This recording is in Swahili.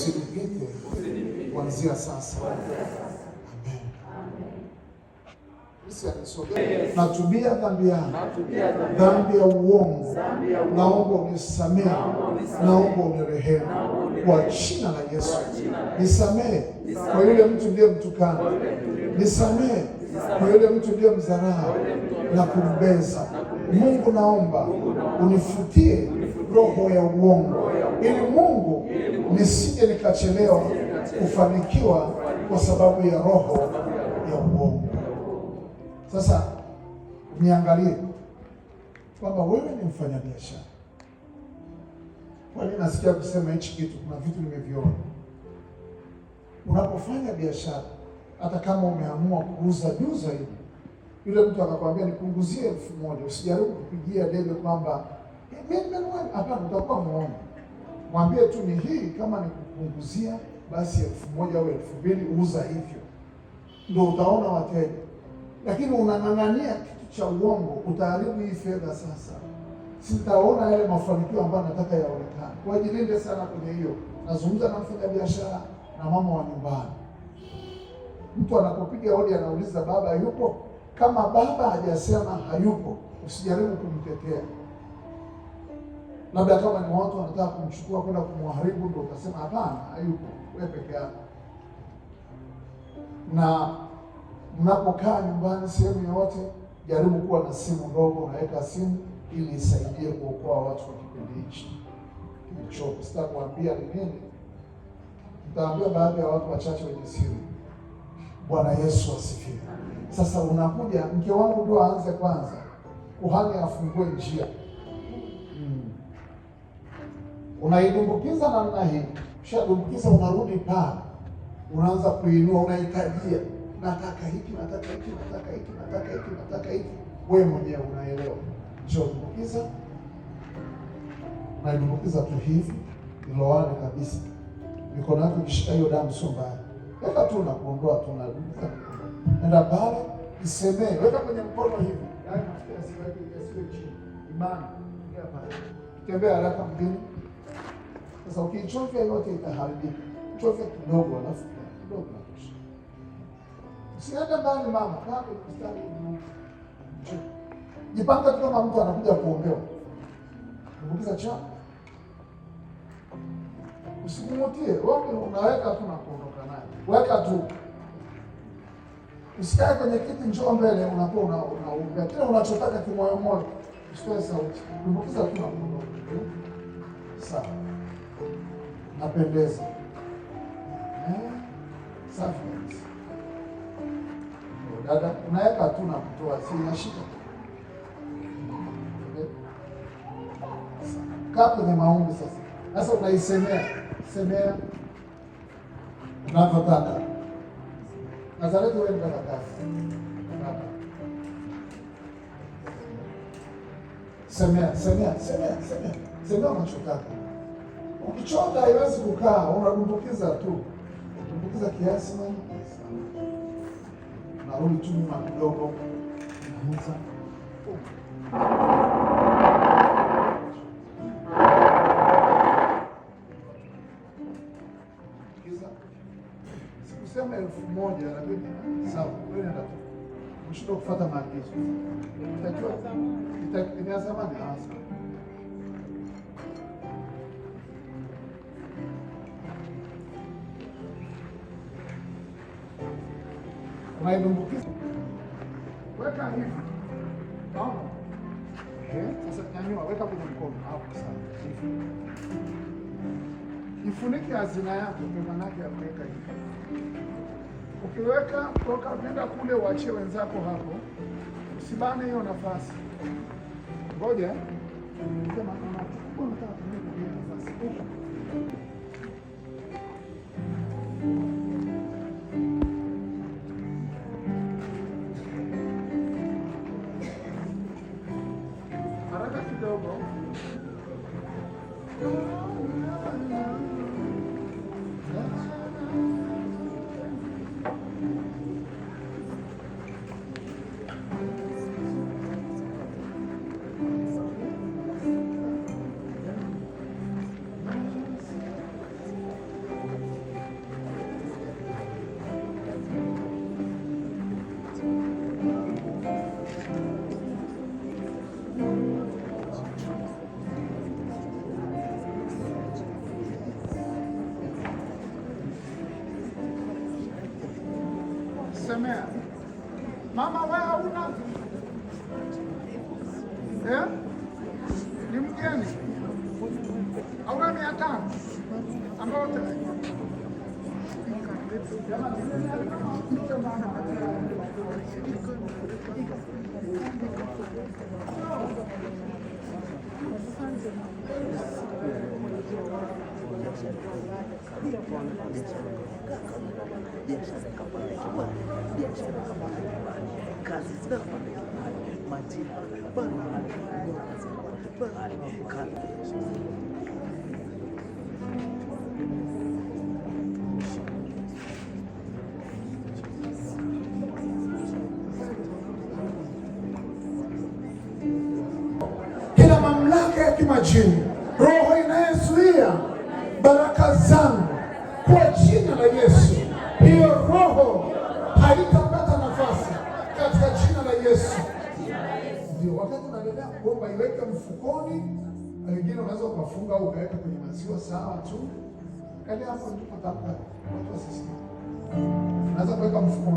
Usirudike kuanzia sasa. Natubia dhambi yangu, dhambi ya uongo, naomba unisamehe, naomba unirehemu kwa jina la Yesu. Nisamehe kwa yule mtu ndiye mtukana, nisamehe kwa yule mtu ndiye mdharau na kumbeza. Mungu, naomba unifutie roho ya uongo, ili Mungu nisije nikachelewa kufanikiwa kwa sababu ya roho ya uongo. Sasa niangalie kwamba wewe ni mfanyabiashara. Kwani nasikia kusema hichi kitu, kuna vitu nimeviona. Unapofanya biashara, hata kama umeamua kuuza juu zaidi, yule mtu akakwambia nipunguzie elfu moja, usijaribu kupigia debe kwamba hapana, utakuwa mwongo mwambie tu ni hii, kama ni kupunguzia basi elfu moja au elfu mbili uza hivyo, ndio utaona wateja. Lakini unang'ang'ania kitu cha uongo, utaharibu hii fedha. Sasa sitaona yale mafanikio ambayo nataka yaonekane. Wajilinde sana kwenye hiyo. Nazungumza na mfanyabiashara na mama wa nyumbani, mtu anapopiga hodi anauliza baba yupo? Kama baba hajasema hayupo, usijaribu kumtetea labda kama ni watu wanataka kumchukua kwenda kumwharibu, ndio ukasema hapana, hayupo, wewe peke yako. Na mnapokaa nyumbani sehemu yoyote, jaribu kuwa na simu ndogo, unaweka simu ili isaidie kuokoa watu kwa kipindi hichi kilichopo. Sitakuambia ni nini, nitaambia baadhi ya watu wachache wenye siri. Bwana Yesu asifiwe. Sasa unakuja, mke wangu ndio aanze kwanza, kuhani afungue njia unaidumbukiza namna hii, ushadumbukiza, unarudi pale, unaanza kuinua, unaitajia, nataka hiki, nataka hiki, nataka hiki, nataka hiki, nataka hiki. Wewe mwenyewe unaelewa, ushadumbukiza, unaidumbukiza tu hivi, iloane kabisa. Mikono yako ikishika hiyo damu sio mbaya, weka tu na kuondoa tu, unadumbukiza. Nenda pale, isemee, weka kwenye mkono hivi, yaani mafuta chini, imani, tembea haraka mjini sasa ukichofya yote itaharibika, chofya kidogo, alafu kidogo natosha. Usiende mbali, mama kaa kwenye mstari jipange tu, kama mtu anakuja kuombewa kumbukiza chako, usikumutie wewe, unaweka tu na kuondoka naye, weka tu Usikae kwenye kiti, njoo mbele, unakuwa unaunga kile unachotaka kimoyomoyo, usitoe sauti, kumbukiza tu na kuondoka. Sawa napendeza eh? Safi. Dada unaweka tu na kutoa, sina shida. Kaa kwenye maombi sasa. Sasa unaisemea semea unavyotaka. Nazareti wenda na semea semea semea semea semea unachotaka Ukichota haiwezi kukaa, unadumbukiza tu, dumbukiza kiasi na narudi tu nyuma kidogo, nauza sikusema elfu moja lakini sawa, nenda tu, mshindo kufuata maagizo, inasema ni hasa maidumbukiza weka hivi sasa, nyanyua, weka kwenye mkono hapo. Sasa ifunike hazina yako, manake ya kuweka hivi. Ukiweka toka unaenda kule, uachie wenzako hapo, usibane hiyo nafasi. Ngoja sasa kukusemea mama, wewe hauna eh? ni mgeni auna mia tano ambao kila mamlaka ya kimajini, roho inayozuia baraka zangu kwa jina la Yesu. Hiyo roho haitapata nafasi katika jina la Yesu. Ndio wakati unaendelea kuomba, iweke mfukoni. Wengine unaweza ukafunga au ukaweka kwenye maziwa, sawa tu. Angalia hapo ndipo tamka watu wasisikie, unaweza kuweka mfukoni.